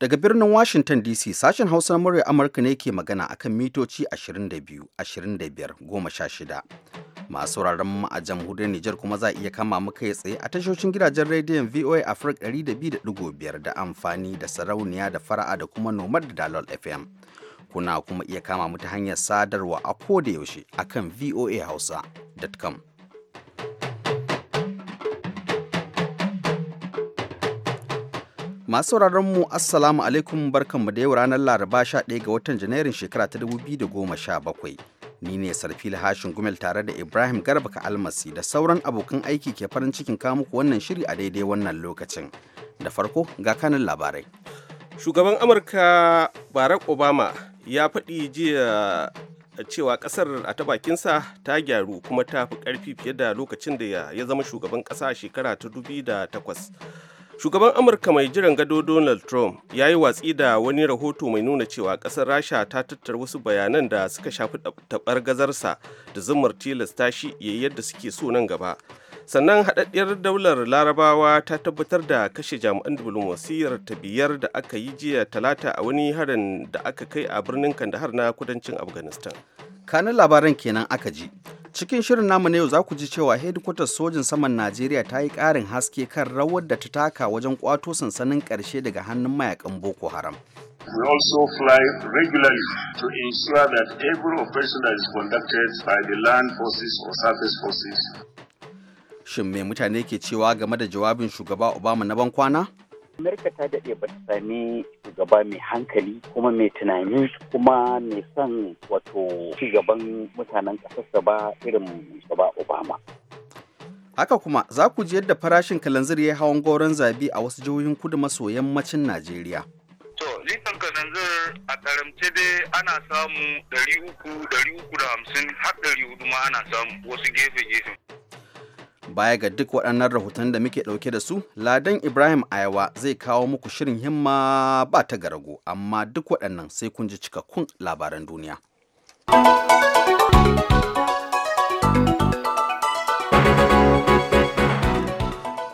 Daga birnin Washington DC sashen Hausa na murya Amurka ne ke magana akan mitoci 22, 25, 16. Masu sauraron mu a jamhuriyar Nijar kuma za iya kama mu kai tsaye a tashoshin gidajen rediyon VOA Africa 200.5 da amfani da sarauniya da fara'a da kuma nomad da dalol FM. Kuna kuma iya kama mu ta hanyar sadarwa a koda yaushe akan voahausa.com. Masu sauraron mu Assalamu alaikum barkanmu da yau ranar Laraba 11 ga watan Janairun shekara ta 2017. Ni ne sarfi Hashin Gumel tare da Ibrahim Garba ka almasi da sauran abokan aiki ke farin cikin muku wannan shiri a daidai wannan lokacin. Da farko ga kanin labarai. Shugaban Amurka Barack Obama ya faɗi jiya cewa ƙasar a ta bakinsa ta gyaru kuma ta fi ƙarfi fiye da lokacin da ya zama shugaban ƙasa shekara ta 2008. shugaban amurka mai jiran gado donald trump ya yi watsi da wani rahoto mai nuna cewa kasar rasha ta tattara wasu bayanan da suka shafi tabar gazarsa da zumar tilasta shi ya yi yadda suke so nan gaba sannan haɗaɗɗiyar daular larabawa ta tabbatar da kashe jami'an diflomasiyyar ta biyar da aka yi jiya talata a wani harin da aka kai a birnin kandahar na kudancin afghanistan kanin labaran kenan aka ji cikin shirin namu na yau za ku ji cewa hedikwatar sojin saman najeriya ta yi ƙarin haske kan rawar da ta taka wajen kwato sansanin ƙarshe daga hannun mayakan boko haram We also fly regularly to ensure that every operation is conducted by the land forces or surface forces. Shin me mutane ke cewa game da jawabin shugaba Obama na ban kwana? Amurka ta daɗe ba ta sami shugaba mai hankali kuma mai tunani kuma mai son wato shugaban mutanen ƙasarsa ba irin shugaba Obama. Haka kuma za ku ji yadda farashin kalanzir ya hawan goron zabi a wasu jihohin kudu maso yammacin Najeriya. To, litan kalanzir a karamce dai ana samu 300, 350 har 400 ma ana samu wasu gefe-gefe. baya ga duk waɗannan rahoton da muke ɗauke da su ladan ibrahim ayawa zai kawo muku shirin himma ba ta garago amma duk waɗannan sai kun ji cikakkun labaran duniya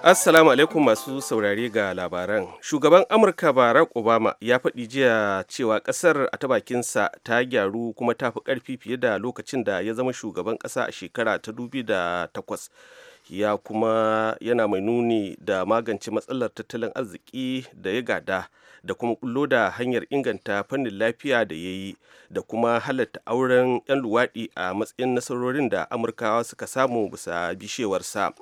Assalamu alaikum masu saurare ga labaran. Shugaban Amurka Barack Obama ya faɗi jiya cewa ƙasar a ta bakinsa ta gyaru kuma ta fi ƙarfi fiye da lokacin da ya zama shugaban ƙasa a shekara ta takwas ya kuma yana mai nuni da magance matsalar tattalin arziki da ya gada da kuma kullo da hanyar inganta fannin lafiya da ya yi da kuma halatta auren 'yan luwaɗi a matsayin nasarorin da amurkawa suka samu bisa bishewarsa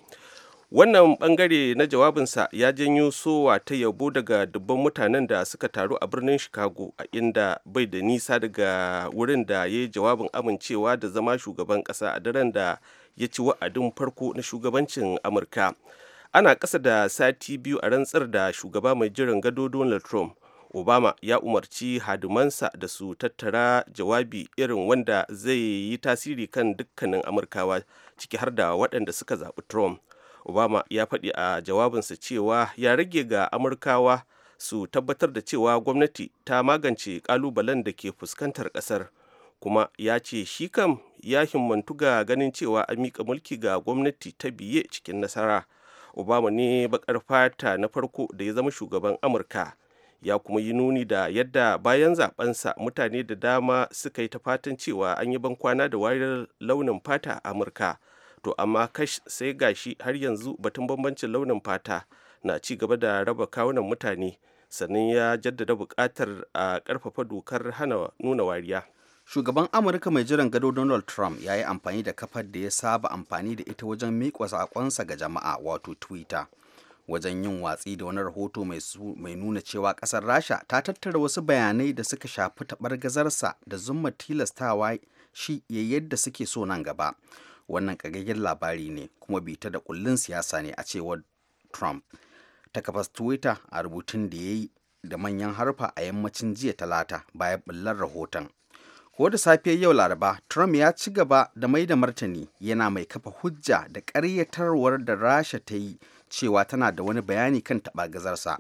wannan bangare na jawabinsa ya janyo sowa ta yabo daga dubban mutanen da suka taru a birnin chicago a inda bai da nisa daga wurin da ya yi jawabin amincewa da zama shugaban kasa a daren da ya ci wa'adin farko na shugabancin amurka ana ƙasa da sati biyu a rantsar da shugaba mai jiran gado donald trump obama ya umarci hadumansa da su tattara jawabi irin wanda zai yi tasiri kan dukkanin amurkawa ciki har da waɗanda suka zaɓi trump obama ya faɗi a jawabinsa cewa ya rage ga amurkawa su tabbatar da cewa gwamnati ta magance ƙalubalen da ke fuskantar ƙasar kuma ya ce shi kam ya himmantu ga ganin cewa an miƙa mulki ga gwamnati ta biye cikin nasara obama ne bakar fata na farko da ya zama shugaban amurka ya kuma yi nuni da yadda bayan zabensa mutane da dama suka yi ta fatan cewa an yi bankwana da wariyar launin fata a amurka to amma kash sai gashi har yanzu batun bambancin launin fata na ci gaba da raba kawunan mutane sannan ya jaddada buƙatar a karfafa dokar hana nuna wariya shugaban amurka mai jiran gado donald trump ya yi amfani da kafar da ya saba amfani da ita wajen miƙa saƙonsa ga jama'a wato twitter wajen yin watsi da wani rahoto mai nuna cewa ƙasar rasha ta tattara wasu bayanai da suka shafi taɓar gazarsa da zuma tilastawa shi ya yadda suke so nan gaba wannan ƙagaggen labari ne kuma bita da kullun siyasa ne a cewar trump ta kafas twitter a rubutun da ya yi da manyan harfa a yammacin jiya talata bayan bullar rahoton ko da safiyar yau laraba trump ya ci gaba da mai da martani yana mai kafa hujja da ƙaryatarwar da rasha ta yi cewa tana da wani bayani kan taɓa gazarsa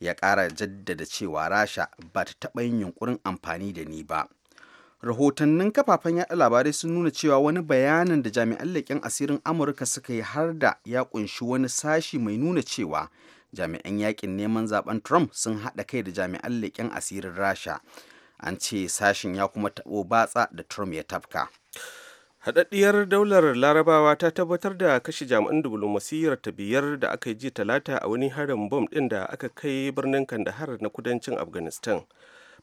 ya ƙara jaddada cewa rasha ba ta taɓa yin yunkurin amfani da ni ba rahotannin kafafen yaɗa labarai sun nuna cewa wani bayanin da jami'an leƙen asirin amurka suka yi har da ya ƙunshi wani sashi mai nuna cewa jami'an yaƙin neman zaben trump sun haɗa kai da jami'an leƙen asirin rasha an ce sashin ya kuma taɓo batsa da trump ya tafka haɗaɗɗiyar daular larabawa ta tabbatar da kashe jami'an diflomasiyyar ta biyar da aka yi ji talata a wani harin bom ɗin da aka kai birnin kandahar na kudancin afghanistan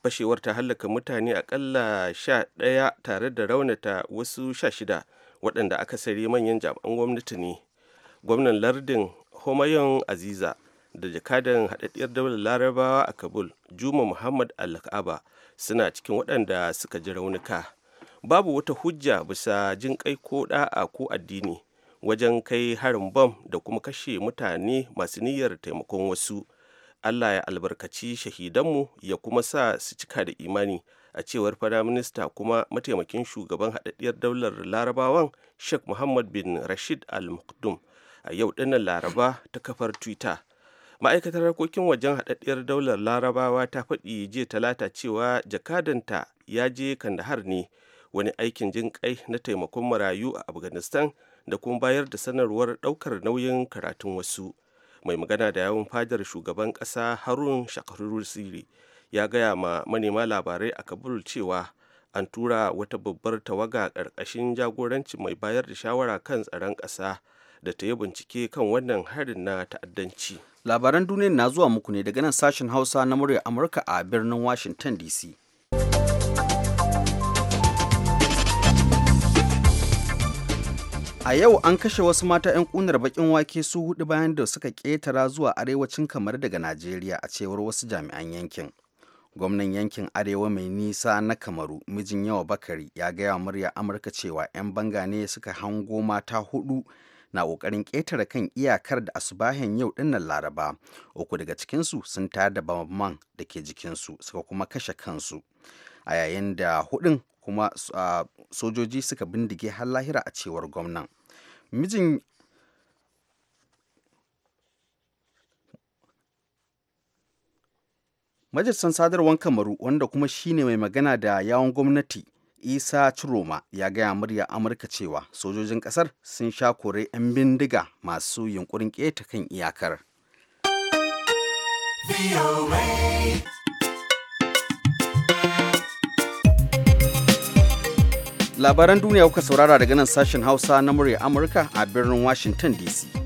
fashewar ta hallaka mutane akalla sha ɗaya tare da raunata wasu sha shida waɗanda aka sari manyan jami'an gwamnati ne gwamnan lardin homayon aziza da jakadan haɗaɗɗiyar daular larabawa a kabul juma muhammad al-ka'aba suna cikin waɗanda suka ji raunuka babu wata hujja bisa jin kai ko ɗa'a ko addini wajen kai harin bom da kuma kashe mutane masu niyyar taimakon wasu allah ya albarkaci shahidanmu ya kuma sa su cika da imani a cewar minista kuma mataimakin shugaban haɗaɗɗiyar daular larabawan sheikh muhammad bin rashid al-mukdum a yau ɗinnan laraba ta kafar twitter ma'aikatar harkokin wajen haɗaɗɗiyar daular larabawa ta faɗi jiya talata cewa jakadanta ya je kandahar ne wani aikin jin kai na taimakon marayu a afghanistan da kuma bayar da sanarwar ɗaukar nauyin karatun wasu mai magana da yawon fadar shugaban ƙasa harun shakaruru siri ya gaya ma manema labarai a kabul cewa an tura wata babbar tawaga ƙarƙashin jagorancin mai bayar da shawara kan tsaron ƙasa da ta yi bincike kan wannan harin na ta'addanci labaran duniya na zuwa muku ne daga nan sashen hausa na muryar amurka a birnin washington dc A yau an kashe wasu mata 'yan kunar bakin wake su hudu bayan da suka ƙetara zuwa arewacin kamar daga Najeriya a cewar wasu jami'an yankin. Gwamnan yankin arewa mai nisa na Kamaru, mijin yawa Bakari, ya gaya murya Amurka cewa 'yan banga ne suka hango mata hudu na ƙoƙarin ƙetare kan iyakar da asubahin yau dinnan laraba uku daga cikinsu sun tayar da bamman da ke jikinsu suka kuma kashe kansu a yayin da hudun kuma uh, sojoji suka bindige har lahira a cewar gwamnan mijin majalisar sadarwar kamaru wanda kuma shine mai magana da yawon gwamnati isa ciroma ya gaya murya amurka cewa sojojin kasar sun sha kore 'yan bindiga masu yunkurin keta kan iyakar labaran duniya kuka saurara daga nan sashen hausa na murya amurka a birnin washington dc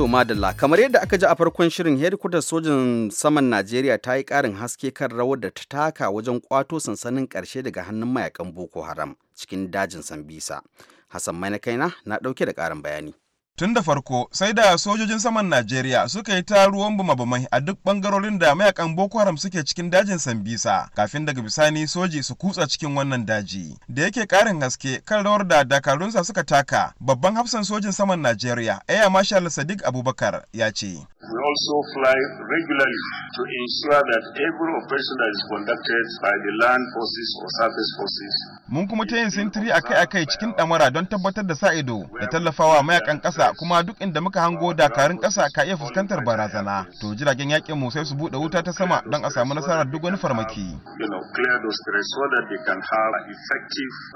To madalla kamar yadda aka ji a farkon shirin hedikwatar sojin saman Najeriya ta yi ƙarin haske kan rawar da ta taka wajen kwato sansanin ƙarshe daga hannun mayakan Boko Haram cikin dajin Sambisa. Hassan Mai na kaina na ɗauke da ƙarin bayani. tun da farko sai da sojojin saman najeriya suka yi ta ruwan bumabumai a duk bangarorin da mayakan boko haram suke cikin dajin sambisa kafin daga bisani soji su kutsa cikin wannan daji da yake karin haske kan rawar da dakarunsa suka taka babban hafsan sojin saman najeriya air marshal sadiq abubakar ya ce We also fly regularly to ensure that every operation is conducted by the land forces or surface forces mun kuma ta yin sintiri akai-akai cikin ɗamara don tabbatar da sa ido da tallafawa mayakan ƙasa kuma duk inda muka hango dakarun ƙasa ka iya fuskantar barazana to jiragen yakin mu sai su buɗe wuta ta sama don a samu nasarar duk wani farmaki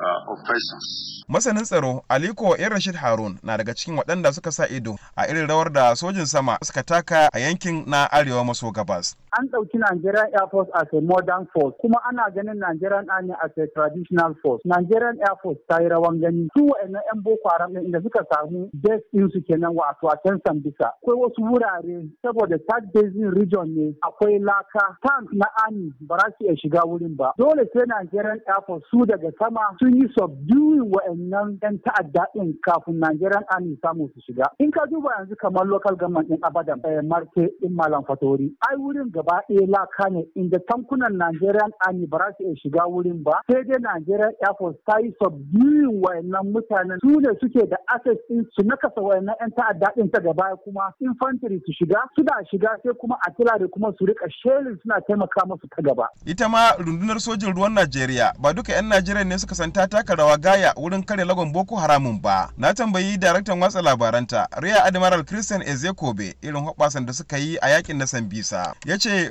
uh, masanin tsaro aliko yan rashid harun na daga cikin waɗanda suka sa ido a irin rawar da sojin sama suka taka a yankin na arewa maso gabas an ɗauki nigerian air force as a modern force kuma ana ganin nigerian army as a traditional Force, Nigerian Air Force ta yi rawan gani. Su wa'annan 'yan Boko Haram ɗin da suka samu base ɗin su kenan wato a can Sambisa. Akwai wasu wurare saboda Third Basin Region ne akwai laka tank na Army ba za su iya shiga wurin ba. Dole sai Nigerian Air Force su daga sama sun yi subduing wa'annan 'yan ta'adda ɗin kafin Nigerian Army samu su shiga. In ka duba yanzu kamar local government ɗin Abadan eh, Marke ɗin Malam Fatori. Ai wurin gaba ɗaya laka ne inda tankunan Nigerian Army ba za su iya shiga wurin ba sai dai Nigerian Nigerian Air Force ta yi subduing wayannan mutanen su ne suke da access din su nakasa wayannan 'yan ta'adda din ta gaba kuma infantry su shiga su da shiga sai kuma atila da kuma su rika shelling suna taimaka musu ta gaba. Ita ma rundunar sojin ruwan Najeriya ba duka 'yan Najeriya ne suka santa taka rawa gaya wurin kare lagon Boko Haramun ba. Na tambayi daraktan watsa labaranta Rear Admiral Christian Ezekobe irin hoɓasan da suka yi a yakin na Sambisa. Ya ce.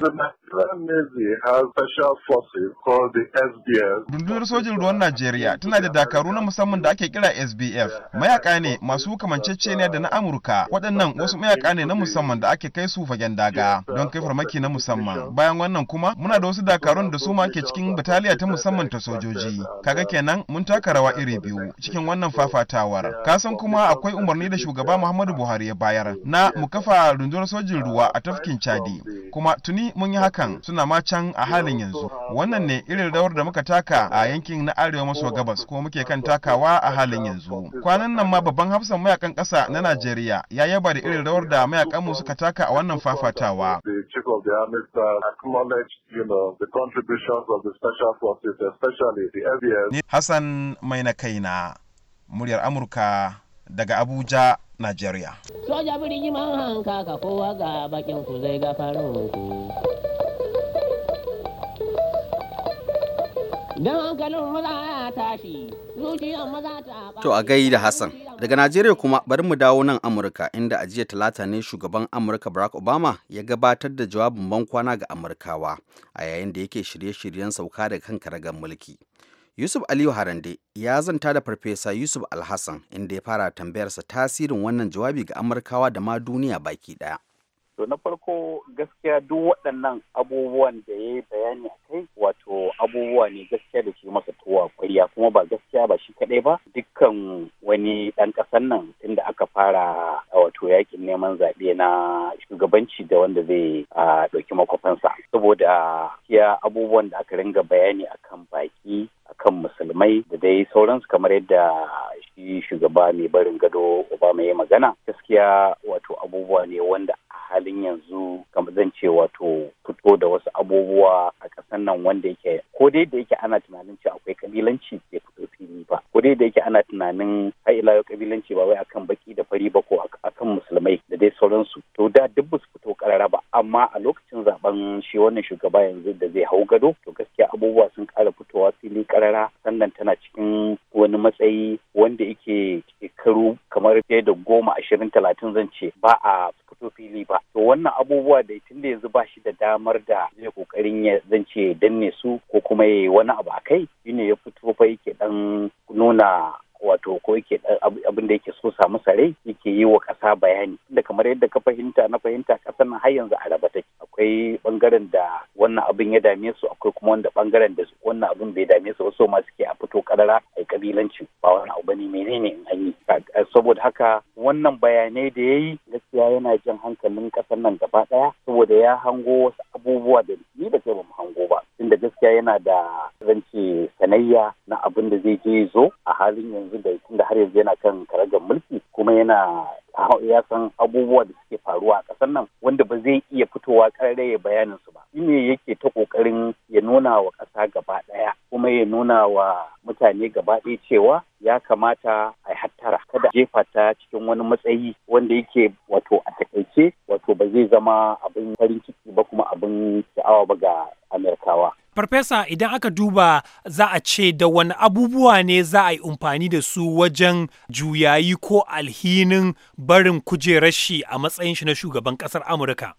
Rundunar sojin ruwan tsaron Najeriya tana da dakaru na musamman da ake kira SBF. Mayaka ne masu kamanceceniya da na Amurka. Waɗannan wasu mayaka ne na musamman da ake kai su fagen daga don kai farmaki na musamman. Bayan wannan kuma muna da wasu dakarun da su ma ke cikin bataliya ta musamman ta sojoji. Kaga kenan mun taka rawa iri biyu cikin wannan fafatawar. Kasan kuma akwai umarni da shugaba Muhammadu Buhari ya bayar na mu kafa rundunar sojin ruwa a tafkin Chadi. Kuma tuni mun yi hakan suna ma can a halin yanzu. Wannan ne irin rawar da muka taka a yankin na arewa maso gabas ko muke kan takawa a halin yanzu kwanan nan ma babban hafsan mayakan kasa na najeriya ya yaba da irin rawar da mayakanmu suka taka a wannan fafatawa hassan mai na kaina muryar amurka daga abuja najeriya soja birni man ka kowa ga bakin ku zai gafarin ku To a gai da Hassan, daga Najeriya kuma bari mu dawo nan Amurka inda a jiya talata ne shugaban Amurka Barack Obama ya gabatar da jawabin bankwana ga Amurkawa a yayin da yake shirye-shiryen sauka da kan karagar mulki. Yusuf Aliyu Harande ya zanta da Farfesa Yusuf Alhassan inda ya fara tambayarsa tasirin wannan jawabi ga Amurkawa da ma duniya baki ɗaya. To na farko gaskiya duk waɗannan abubuwan da ya yi bayani a kai wato abubuwa ne gaskiya da ke masa tuwa kwarya kuma ba gaskiya ba shi kaɗai ba dukkan wani ɗan ƙasar nan tunda aka fara wato yakin neman zaɓe na shugabanci da wanda zai ɗauki makwafansa saboda ya abubuwan da aka ringa bayani akan baki akan musulmai da dai sauransu kamar yadda shi shugaba mai barin gado Obama ya magana gaskiya wato abubuwa ne wanda halin yanzu kamar zan ce wato fito da wasu abubuwa a ƙasar nan wanda yake ko dai da yake ana tunanin cewa akwai kabilanci ke fito fili ba ko dai da yake ana tunanin har ila yau kabilanci ba wai akan baki da fari ba ko akan musulmai da dai sauransu to da duk ba fito karara ba amma a lokacin zaben shi wannan shugaba yanzu da zai hau gado to gaskiya abubuwa sun ƙara fitowa fili karara sannan tana cikin wani matsayi wanda yake shekaru kamar fiye da goma ashirin talatin zan ce ba a fito fili ba to wannan abubuwa da tun da yanzu ba shi da damar da zai kokarin ya zance danne su ko kuma ya wani abu a kai shine ya fito fa yake dan nuna wato ko yake abin da yake so samu sare yake yi wa ƙasa bayani da kamar yadda ka fahimta na fahimta ƙasar nan har yanzu a akwai bangaren da wannan abin ya dame su akwai kuma wanda bangaren da wannan abin bai dame su wasu ma ke a fito karara a kabilanci ba wani abu bane menene in an yi saboda haka wannan bayanai da ya yi gaskiya yana jan hankalin kasar nan gaba daya saboda ya hango wasu abubuwa da ni da kai ba mu hango ba inda gaskiya yana da zance sanayya na abin da zai je zo a halin yanzu da tunda har yanzu yana kan karagar mulki kuma yana ya san abubuwa da suke faruwa a ƙasar nan wanda ba zai iya fitowa ƙarare ya bayanin su ba ne yake ta ƙoƙarin ya nuna wa ƙasa gaba ɗaya kuma ya nuna wa mutane gaba ɗaya cewa ya kamata a hattara kada jefa ta cikin wani matsayi wanda yake wato a takaice wato ba zai zama abin farin ciki ba kuma abin sha'awa ba ga Amerikawa. Farfesa idan aka duba za a ce da wani abubuwa ne za a yi amfani da su wajen juyayi ko alhinin barin kujerar shi a matsayin shi na shugaban ƙasar Amurka.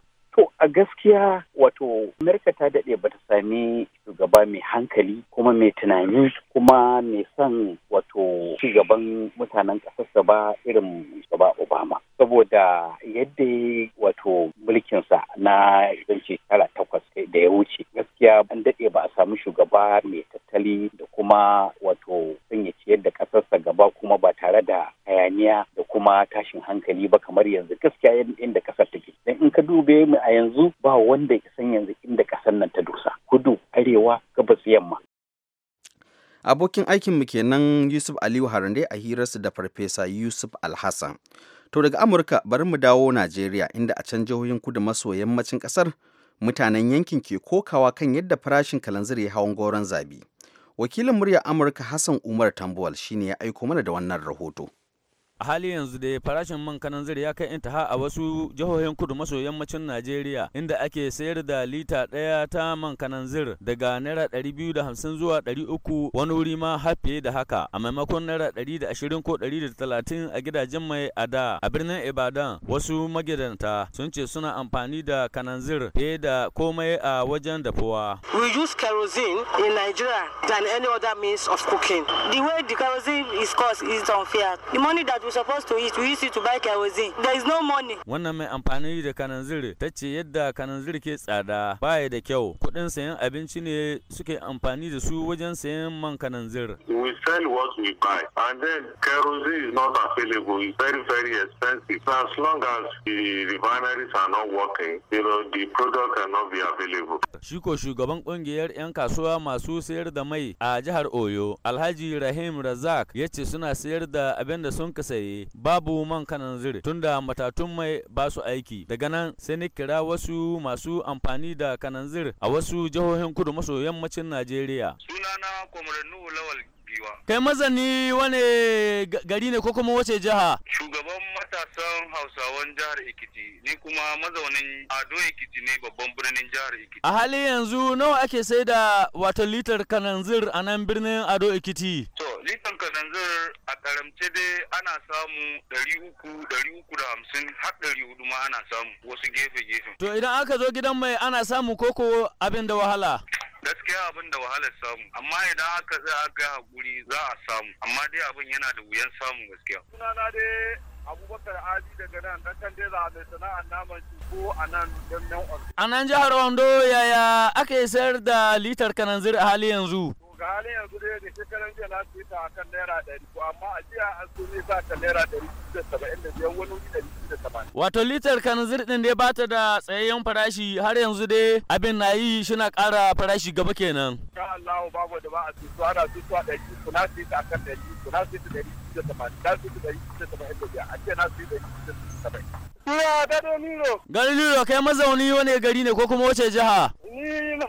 a gaskiya wato Amurka ta daɗe bata sami shugaba mai hankali kuma mai tunani kuma mai son wato shugaban mutanen ƙasarsa ba irin shugaba Obama. Saboda yadda wato mulkinsa na zan shekara takwas da ya wuce gaskiya an daɗe ba a sami shugaba mai tattali da kuma wato sanya ciyar da ƙasarsa gaba kuma ba tare da hayaniya da kuma tashin hankali ba kamar yanzu gaskiya inda ƙasar in ka dube mu a yanzu ba wanda ya san yanzu inda kasan nan ta dusa? kudu arewa gabas yamma abokin aikin mu kenan yusuf aliyu harande a hirarsu da farfesa yusuf alhassan to daga amurka bari mu dawo najeriya inda a can jihohin kudu maso yammacin kasar mutanen yankin ke kokawa kan yadda farashin kalanzir ya hawan goron zabi wakilin muryar amurka hassan umar tambuwal shine ya aiko mana da wannan rahoto hali yanzu da farashin man kananzir ya kai intaha a wasu jihohin kudu maso yammacin Najeriya inda ake sayar da lita ɗaya ta man kananzir daga naira ɗari biyu da hamsin zuwa ɗari uku wani wuri ma har fiye da haka a maimakon naira ɗari da ashirin ko ɗari da talatin a gidajen mai a da a birnin Ibadan wasu magidanta sun ce suna amfani da kananzir fiye da komai a wajen dafuwa. We use kerosene in Nigeria than any other means of cooking. The way the kerosene is cost is unfair. The money that we supposed to eat, we used to buy kerosene. There is no money. Wannan mai amfani da kananzir ta ce yadda kananzir ke tsada baya da kyau. kudin sayan abinci ne suke amfani da su wajen sayan man kananzir. We sell what we buy and then kerosene is not available. It's very very expensive. as long as the refineries are not working, you know, the product cannot be available. Shi ko shugaban kungiyar 'yan kasuwa masu sayar da mai a jihar Oyo, Alhaji Rahim Razak ya ce suna sayar da abin da sun kasa tsaye babu man kanan tunda matatun mai basu aiki daga nan sai ni kira wasu masu amfani da kanan a wasu jihohin kudu maso yammacin Najeriya sunana nuhu Lawal kai mazani wane gari ne ko kuma wace jiha shugaban matasan hausawan jihar ekiti ni kuma mazaunin ado ekiti ne babban birnin jihar ekiti a hali yanzu nawa ake sai da wato litar kananzir a nan birnin ado ekiti to litar kananzir a karamce dai ana samu ɗari uku ɗari uku da hamsin har ɗari hudu ma ana samu wasu gefe gefe to idan aka zo gidan mai ana samu koko abin da wahala gaskiya abin da wahalar samu amma idan aka a ga hakuri za a samu amma dai abin yana da wuyan samu gaskiya sunana dai abubakar ali daga nan dan a mai sana'ar naman ko a nan don nan a nan jihar ondo yaya aka yi sayar da litar kananzir a hali yanzu haka yanzu dai da shekaran jiya na su ta akan naira ɗari ko amma a jiya an su ne ta akan naira ɗari da saba'in da biyar wani wuri ɗari da saba'in. Wato litar kanzir ɗin dai ba ta da tsayayyen farashi har yanzu dai abin na yi shi na ƙara farashi gaba kenan. Ka Allah babu da ba a su ana su su a ɗari kuna su ta akan ɗari kuna su ta ɗari da saba'in na su ta ɗari da saba'in da biyar a jiya na su ɗari da saba'in. Ina ta Galileo kai mazauni wani gari ne ko kuma wace jiha?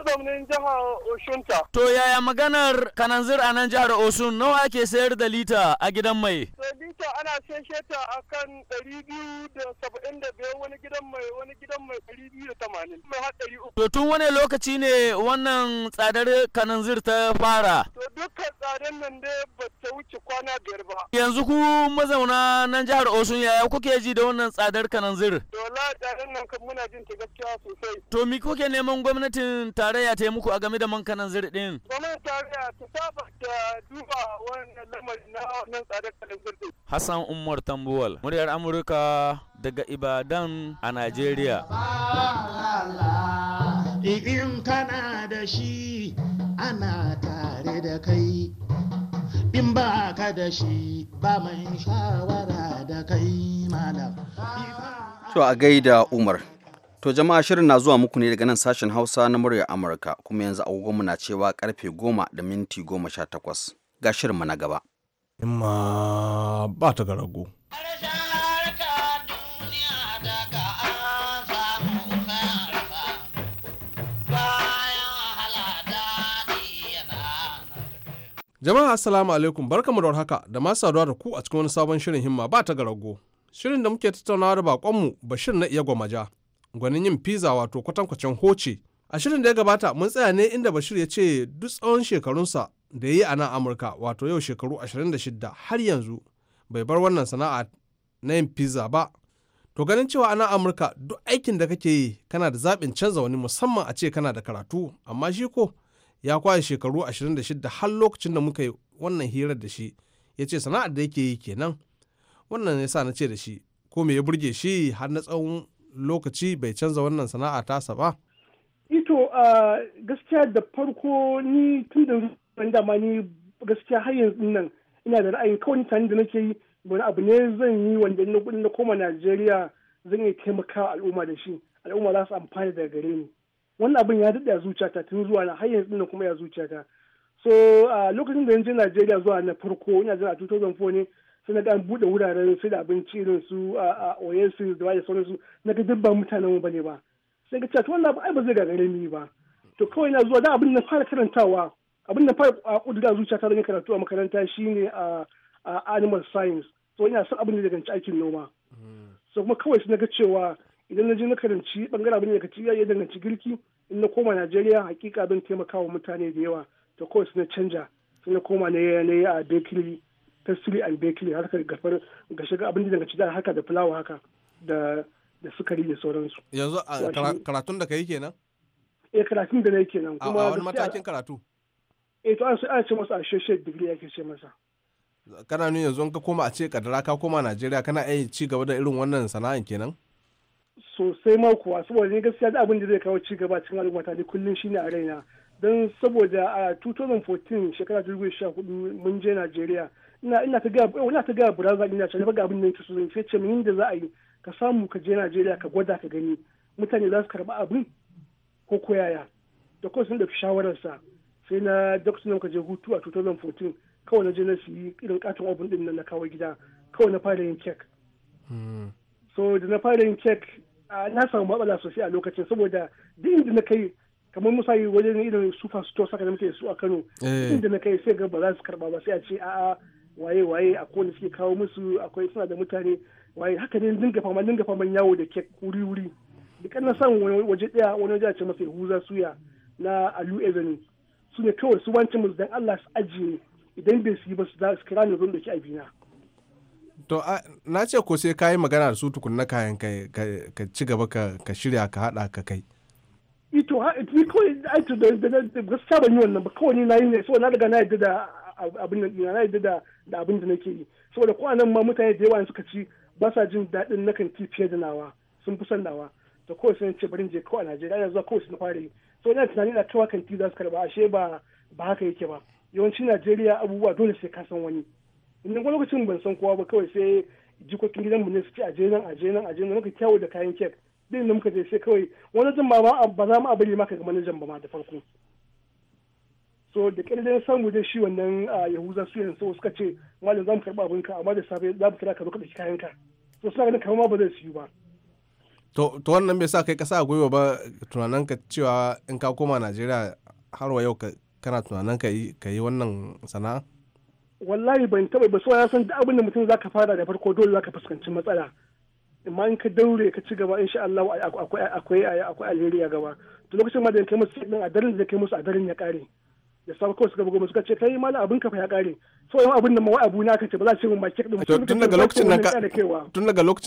zaunin jihar Oshunta. To yaya maganar kananzir a nan jihar Osun nawa ake sayar da lita a gidan mai? lita ana sayar ta a kan ɗari biyu da saba'in da biyar wani gidan mai wani gidan mai ɗari biyu da tamanin mai har ɗari uku. To tun wani lokaci ne wannan tsadar kananzir ta fara? To dukkan tsadar nan dai ba ta wuce kwana biyar ba. Yanzu ku mazauna nan jihar Osun yaya kuke ji da wannan tsadar kananzir? To la tsadar nan kan muna jin ta gaskiya sosai. To mi kuke neman gwamnatin tare tarayya ta yi muku a game da mankanan zir din? Gwamnatin tarayya ta saba da duba wannan lamarin na wannan tsada tsaren zir Hassan Umar Tambuwal, muryar Amurka daga Ibadan a Najeriya. In kana da shi ana tare da kai, in ba ka da shi ba mai shawara da kai malam. To a gaida Umar. To jama'a shirin na zuwa muku ne daga nan sashen Hausa na muryar Amurka kuma yanzu agogonmu na cewa karfe goma da minti goma sha takwas ga shirinmu na gaba. Ima ba ta garago. Jama'a assalamu alaikum barkamu da warhaka da masu saduwa da ku a cikin wani sabon shirin himma ba ta garago. Shirin da muke tattaunawa da bakonmu Bashir na iya gwamaja gwanin yin pizza wato kwatankwacin hoce a shirin da ya gabata mun tsaya ne inda bashir ya ce duk tsawon shekarunsa da ya yi a nan amurka wato yau shekaru 26 har yanzu bai bar wannan sana'a na yin pizza ba to ganin cewa a nan amurka duk aikin da kake yi kana da zaɓin canza wani musamman a ce kana da karatu amma shi ko ya kwaye shekaru 26 har lokacin da muka yi wannan hirar da shi ya ce sana'ar da yake yi kenan wannan ya sa na ce da shi ko me ya burge shi har na tsawon lokaci bai canza wannan sana'a tasa ba? Ito eh gaskiya da farko ni tun da dama ni gaskiya har yanzu nan ina da ra'ayi, kawai tani da nake yi wani abu ne zan yi wanda na koma Najeriya zan iya taimaka al'umma da shi al'umma za su amfana daga gare ni wannan abin ya daɗe a zuciyata tun zuwa na har yanzu nan kuma ya zuciyata so lokacin da na je Najeriya zuwa na farko ina jin a 2004 ne suna ga buɗe wuraren su da abinci irin su a su da wajen sauransu na ga duk ba mutanen mu bane ba sai ga cewa wannan ai ba zai gagare ni ba to kawai na zuwa da abin na fara karantawa abin da fara kudura zuciya ta karatu a makaranta shine a animal science to ina son abin da daga aikin noma so kuma kawai sai na ga cewa idan na je na karanci bangare abin da ka ci ya danganci girki in na koma Najeriya hakika zan taimaka wa mutane da yawa to kawai sai na canja sai na koma na yi a bakery pastry and bakery harkar gafar ga shiga abin da daga cikin haka da fulawa haka da da sukari da sauransu yanzu karatun da kai kenan eh karatun da nake kenan kuma a wani matakin karatu eh to an an ce masa associate degree yake ce masa kana nuna yanzu ka koma a ce kadara ka koma Najeriya kana yi ci gaba da irin wannan sana'an kenan sosai ma kuwa saboda ne gaskiya da abin da zai kawo ci gaba cikin al'umma ta ne kullun shine a raina don saboda a 2014 shekara 2014 mun je Najeriya ina ina ta gaya ina ta a buraza ina ce ga abin da yake so ce min da za a yi ka samu ka je Najeriya ka gwada ka gani mutane za su karba abin ko koyaya da kawai sun ɗauki shawararsa sai na doctor ka je hutu a 2014 kawai na je na su yi irin katon obun din nan na kawo gida kawai na fara yin kek hmm. so da na fara yin kek na samu matsala sosai a lokacin saboda duk inda na kai kamar misali wajen irin super store saka da muke su a Kano eh. inda na kai sai ga ba za su karba ba sai a ce a'a waye waye a kowane suke kawo musu akwai suna da mutane waye haka ne dinga fama dinga fama yawo da kek wuri wuri duk na san waje daya wani waje ce masa yahuza suya na alu ezani su ne kawai su wancan musu dan Allah su ajiye idan bai su yi ba su za su kira ne zan doki abina to na ce ko sai ka yi magana da su tukunna kayan ka ci gaba ka shirya ka haɗa ka kai ito ha ni kawai da da gaskiya ban yi wannan ba kawai ni na yi ne so na daga na yadda da abin da na yadda da abin da nake yi saboda ko anan ma mutane da yawa suka ci ba sa jin daɗin na kan fiye da nawa sun fi son nawa to kawai sun ce barin je kawai a Najeriya yanzu zuwa kawai sun fara yi so ina tunani na kawa kan za su karba ashe ba ba haka yake ba yawanci Najeriya abubuwa dole sai ka san wani inda wani lokacin ban san kowa ba kawai sai jikokin gidan mu ne su ci aje nan aje nan aje nan muka kyawu da kayan kek din da muka je sai kawai wani jin ba ba za mu abari maka ga manajan ba ma da farko so da ƙirɗin samu da shi wannan yahuza su so suka ce malam za mu karɓi abinka amma da safe za mu kira ka zo ka ɗauki kayanka so suna ganin kamar ma ba zai yi ba. to wannan bai sa kai ƙasa a gwiwa ba tunaninka cewa in ka koma najeriya har wa yau kana tunanin ka yi wannan sana'a. wallahi ban taɓa ba so ya san duk abin da mutum za ka fara da farko dole za ka fuskanci matsala. amma in ka daure ka ci gaba insha Allah akwai akwai akwai alheri a gaba to lokacin ma da kai musu a daren da kai musu a daren ya kare da safe kawai suka bugo mu suka ce kai mala abin kafa ya kare so yawan abin da ma abu na kace ce ba za su yi mun ma kek din tun daga lokacin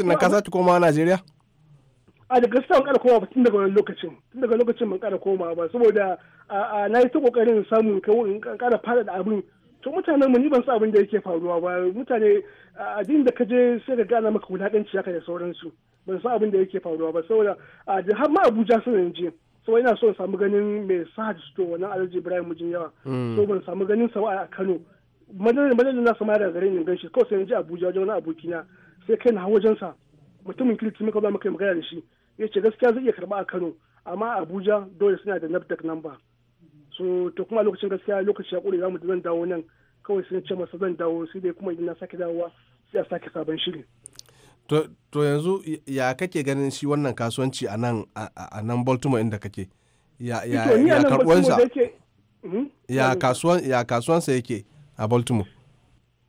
nan kasa daga koma a koma Najeriya a da gaske an kara koma ba tun daga wani lokacin tun daga lokacin ban kara koma ba saboda na yi ta kokarin samu in kara fada da abin to mutanen mu ni ban su abin da yake faruwa ba mutane addinin da ka je sai ka gana maka wulakanci haka da sauransu ban su abin da yake faruwa ba saboda da har ma Abuja sun je so ina so samu ganin mai sahad to wannan alhaji ibrahim mujin yawa mm. so ban samu ganin sa a kano madadin madadin na sama daga garin ganshi kawai sai na abuja wajen wani abokina sai kai na wajen sa mutumin kirki muka ba muka magana da shi yace gaskiya zai iya karba a kano amma abuja dole suna da nafdak number so to kuma lokacin gaskiya lokaci ya kure zamu zan dawo nan kawai sun ce masa zan dawo sai dai kuma idan na sake dawowa sai a sake sabon shiri to yanzu ya kake ganin shi wannan kasuwanci a nan a nan baltimore inda kake ya hmm? ya kasuwansa yake a baltimore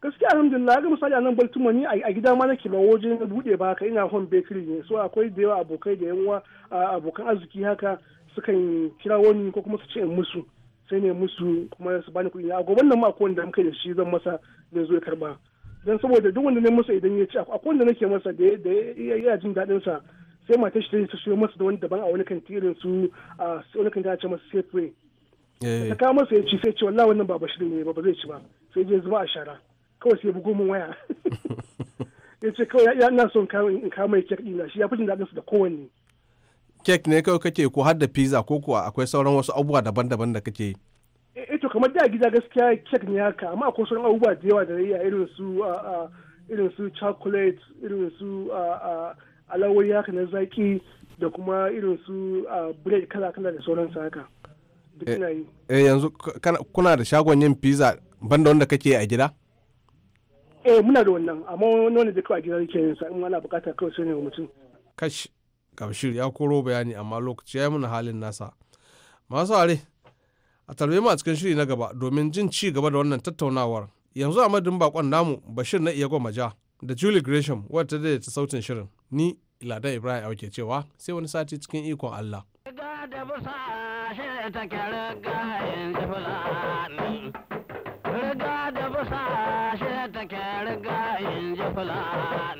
gaskiya alhamdulillah ga misali a nan baltimore ni a gida ma nake ba waje na bude ba haka ina home bakery ne so akwai da yawa abokai da yan abokan arziki haka sukan kira wani ko kuma su ce in musu sai ne musu kuma su bani kuɗi a gobe nan ma akwai da muka da shi zan masa da zo ya karba don saboda duk wanda ne masa idan ya ci akwai wanda nake masa da ya jin daɗin sa sai mata shi ta shiyo masa da wani daban a wani kantirin su a wani kan ta ce masa safe way eh. ta kawo masa ya ci sai ce wallahi wannan ba shirin ne ba ba zai ci ba sai je zuba a shara kawai sai bugo min waya ya ce kawai ya ina son in kawo mai kek ɗina shi ya fi jin daɗin da kowanne kek ne kawai kake ko har da pizza ko kuwa akwai sauran wasu abubuwa daban-daban da kake yi kamar da gida gaskiya kek ne haka amma akwai sauran abubuwa da yawa da iya irin su irin su chocolate irin su alawai haka na zaki da kuma irin su bread kala kala da su haka eh, eh yanzu kuna da shagon yin pizza banda wanda kake a gida eh muna da wannan amma wani da kawai a gida yake yin sa in ana bukata kawai sai ne mutum kash kabshir ya koro bayani amma lokaci ya yi halin nasa masu are a tarbe mu a cikin shiri na gaba domin jin ci gaba da wannan tattaunawar yanzu a madin bakon namu bashir na iya gwamaja da julie gresham wadda ta daidaita sautin shirin ni ladan ibrahim auke cewa sai wani sati cikin ikon allah da busa shi ta fulani riga da fulani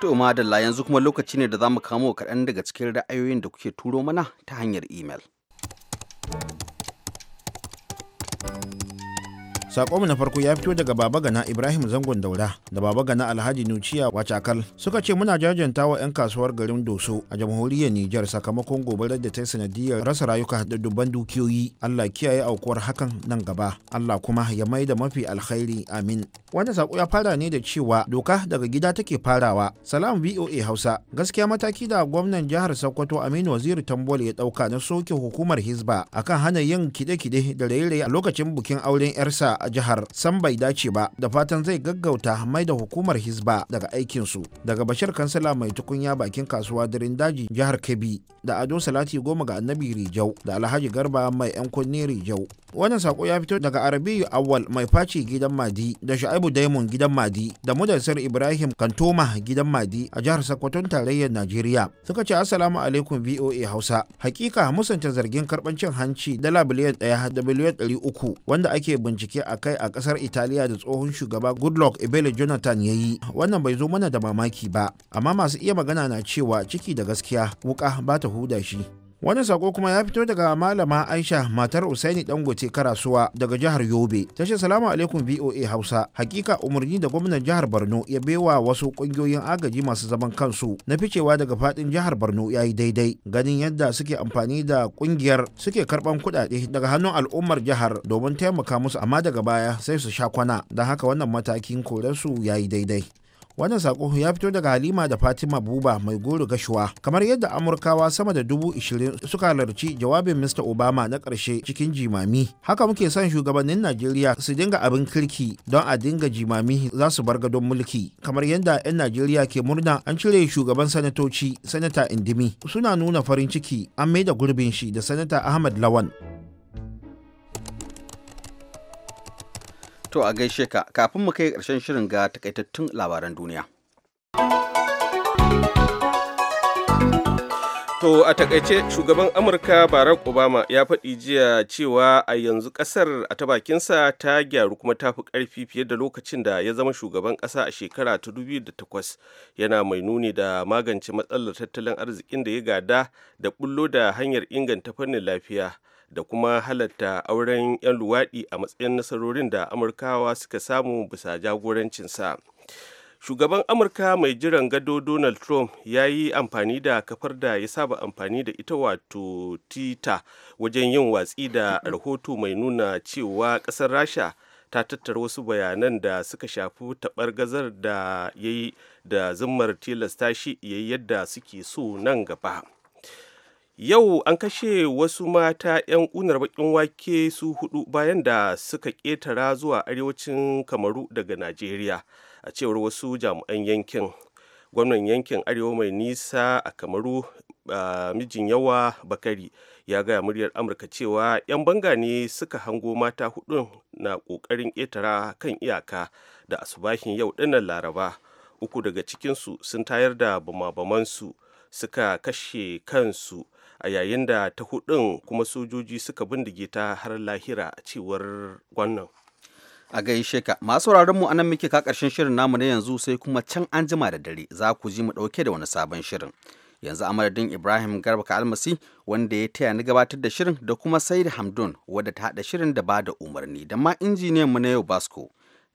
To madalla yanzu kuma lokaci ne da za mu kamo kaɗan daga cikin ra'ayoyin da kuke turo mana ta hanyar imel. mu na farko ya fito daga Baba Gana Ibrahim Zangon Daura da Baba Gana Alhaji Nuciya Wacakal suka ce muna jajanta wa 'yan kasuwar garin Doso a jamhuriyar Nijar sakamakon gobarar da ta yi sanadiyar rasa rayuka da dubban dukiyoyi. Allah kiyaye aukuwar hakan nan gaba. Allah kuma ya mai da mafi alkhairi amin. Wanda sako ya fara ne da cewa doka daga gida take farawa. Salam VOA Hausa. Gaskiya mataki da gwamnan jihar Sokoto Aminu Waziri Tambol ya dauka na soke hukumar Hizba akan hana yin kide-kide da raye-raye a lokacin bukin auren 'yarsa a jihar san bai dace ba da fatan zai gaggauta mai da hukumar hisba daga aikin su daga bashir kansala mai tukunya bakin kasuwa dirin daji jihar kebbi da ado salati goma ga annabi rijau da alhaji garba mai yan kunne rijau wannan sako ya fito daga arabiyu awal mai faci gidan madi da sha'ibu daimon gidan madi da mudassir ibrahim kantoma gidan madi a jihar sakwaton tarayyar najeriya suka ce assalamu alaikum voa hausa hakika musanta zargin karban cin hanci dala biliyan ɗaya da biliyan ɗari uku wanda ake bincike a a kai a kasar italiya da tsohon shugaba goodluck ebele jonathan ya yi wannan bai zo mana da mamaki ba amma masu iya magana na cewa ciki da gaskiya wuka ba ta huda shi wani sako kuma ya fito daga malama aisha matar usaini dangote karasuwa daga jihar yobe tashi salamu alaikum voa hausa hakika umarni da gwamnan jihar borno ya baiwa wasu kungiyoyin agaji masu zaman kansu na ficewa daga fadin jihar borno ya yi daidai ganin yadda suke amfani da kungiyar suke karban kudade daga hannun al'ummar jihar domin taimaka musu amma daga baya sai su sha kwana don haka wannan matakin koransu ya yi daidai wannan sako ya fito daga halima da fatima buba mai goro gashuwa kamar yadda amurkawa sama da dubu ishirin suka halarci jawabin mr obama na ƙarshe cikin jimami haka muke son shugabannin najeriya su dinga abin kirki don a dinga jimami za su bar gadon mulki kamar yadda 'yan najeriya ke murna an cire shugaban sanatoci sanata indimi suna nuna farin ciki an mai da gurbin shi da sanata ahmad lawan To a gaishe ka kafin mu kai ƙarshen shirin ga takaitattun labaran duniya. To a takaice shugaban Amurka Barack Obama ya faɗi jiya cewa a yanzu ƙasar a ta bakinsa ta gyaru kuma ta fi ƙarfi fiye da lokacin da ya zama shugaban ƙasa a shekara ta 2008 yana mai nuni da magance matsalar tattalin arzikin da ya gada da bullo da hanyar inganta fannin lafiya. da kuma halatta auren 'yan luwaɗi a matsayin nasarorin da amurkawa suka samu bisa jagorancinsa shugaban amurka mai jiran gado donald trump ya yi amfani da kafar da ya saba amfani da ita wato tita wajen yin watsi da rahoto mai nuna cewa ƙasar rasha ta tattara wasu bayanan da suka shafi tabar gazar da ya yi da zimmar tilasta shi yayi yadda suke so nan gaba yau an kashe wasu mata 'yan unar bakin wake su hudu bayan da suka ƙetara zuwa arewacin kamaru daga najeriya a cewar wasu jami'an yankin gwamnan yankin arewa mai nisa a kamaru mijin yawa bakari ya gaya muryar amurka cewa 'yan banga ne suka hango mata hudun na ƙoƙarin ƙetara kan iyaka da asubahin yau dinnan laraba uku daga cikinsu sun tayar da bama-bamansu suka kashe kansu a yayin da ta hudun kuma sojoji suka bindige ta har lahira a cewar gwannan a gaishe ka masu mu a nan muke ka karshen shirin namu na yanzu sai kuma can an jima da dare za ku ji mu dauke da wani sabon shirin yanzu a ibrahim garba ka almasi wanda ya taya ni gabatar da shirin da kuma sai da hamdun wadda ta haɗa shirin da ba da umarni da ma injiniyan mu na yau basco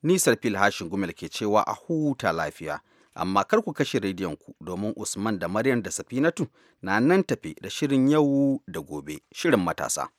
nisar fil hashin gumel ke cewa a huta lafiya amma kar ku kashe rediyon ku domin Usman da Maryam da Safinatu na nan tafe da shirin yau da gobe, shirin matasa.